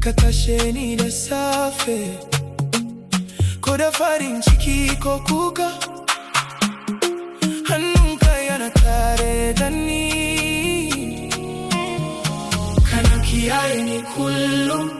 katasheni da safe ko da farin ciki ko kuka hannunka yana tare da ni kana kiyaye ni kullum